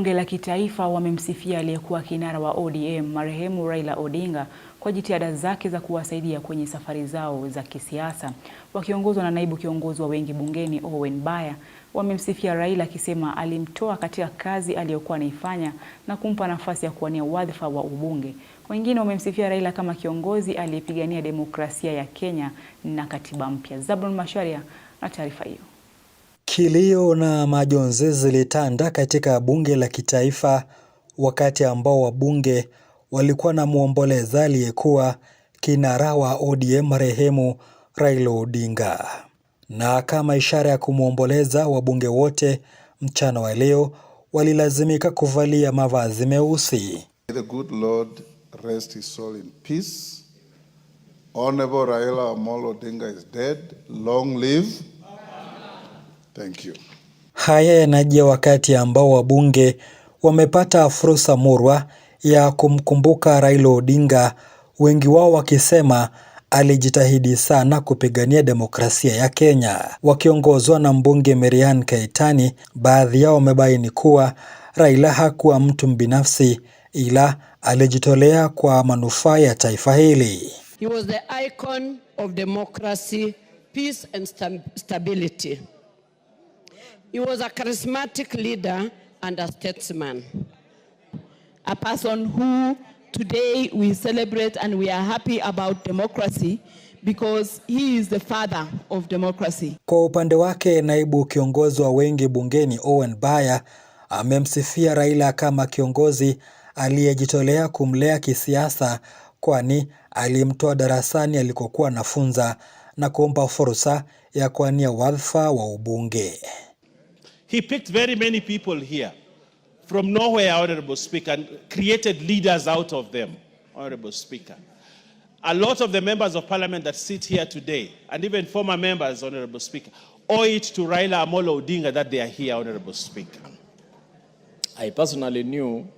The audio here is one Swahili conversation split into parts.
Bunge la Kitaifa wamemsifia aliyekuwa kinara wa ODM marehemu Raila Odinga kwa jitihada zake za kuwasaidia kwenye safari zao za kisiasa. Wakiongozwa na naibu kiongozi wa wengi bungeni Owen Baya, wamemsifia Raila akisema alimtoa katika kazi aliyokuwa anaifanya na kumpa nafasi ya kuwania wadhifa wa ubunge. Wengine wamemsifia Raila kama kiongozi aliyepigania demokrasia ya Kenya na katiba mpya. Zablon Macharia na taarifa hiyo. Kilio na majonzi zilitanda katika bunge la kitaifa wakati ambao wabunge walikuwa na muomboleza aliyekuwa kinara wa ODM marehemu Raila Odinga. Na kama ishara ya kumwomboleza, wabunge wote mchana wa leo walilazimika kuvalia mavazi meusi. The good Lord rest his soul in peace. Honorable Raila Amolo Odinga is dead. Long live Thank you. Haya yanajia wakati ambao wabunge wamepata fursa murwa ya kumkumbuka Raila Odinga, wengi wao wakisema alijitahidi sana kupigania demokrasia ya Kenya. Wakiongozwa na mbunge Merian Kaitani, baadhi yao wamebaini kuwa Raila hakuwa mtu mbinafsi, ila alijitolea kwa manufaa ya taifa hili. He was the icon of democracy, peace and stability. He was a charismatic leader and a statesman. A person who today we celebrate and we are happy about democracy because he is the father of democracy. Kwa upande wake, naibu kiongozi wa wengi bungeni Owen Baya amemsifia Raila kama kiongozi aliyejitolea kumlea kisiasa kwani alimtoa darasani alikokuwa anafunza na kumpa fursa ya kuania wadhifa wa ubunge. He picked very many people here from nowhere, Honorable Speaker, and created leaders out of them, Honorable Speaker. A lot of the members of parliament that sit here today, and even former members, Honorable Speaker, owe it to Raila Amolo Odinga that they are here, Honorable Speaker. I personally knew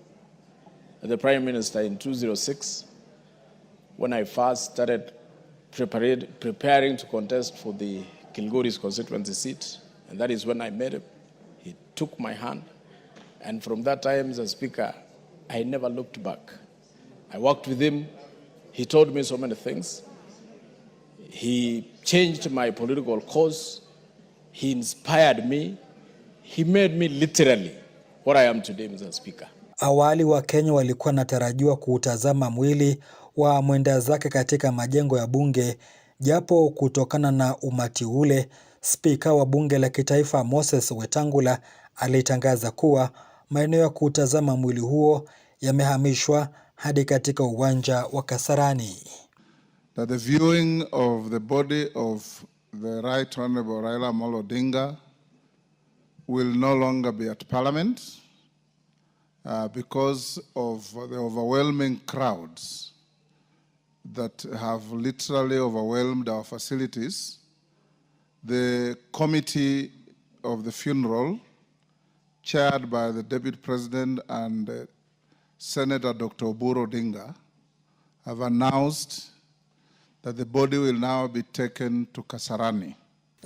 the Prime Minister in 2006 when I first started preparing to contest for the Kilgoris constituency seat, and that is when I met him. took my hand, and from that time, as a Speaker, I never looked back. I worked with him. He told me so many things. He changed my political course. He inspired me. He made me literally what I am today, Mr. Speaker. Awali wa Kenya walikuwa wanatarajiwa kuutazama mwili wa mwenda zake katika majengo ya bunge, japo kutokana na umati ule, spika wa bunge la kitaifa Moses Wetangula alitangaza kuwa maeneo ya kutazama mwili huo yamehamishwa hadi katika uwanja wa Kasarani. That the viewing of the body of the Right Honorable Raila Amolo Odinga will no longer be at Parliament uh, because of the overwhelming crowds that have literally overwhelmed our facilities. The committee of the funeral chaired by the Deputy President and uh, Senator Dr. Oburo Dinga, have announced that the body will now be taken to Kasarani.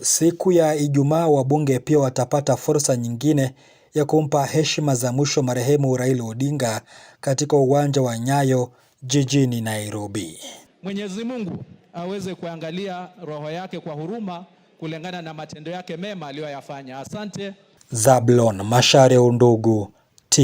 Siku ya Ijumaa wabunge pia watapata fursa nyingine ya kumpa heshima za mwisho marehemu Raila Odinga katika uwanja wa Nyayo jijini Nairobi. Mwenyezi Mungu aweze kuangalia roho yake kwa huruma kulingana na matendo yake mema aliyoyafanya. Asante. Zablon Macharia Undugu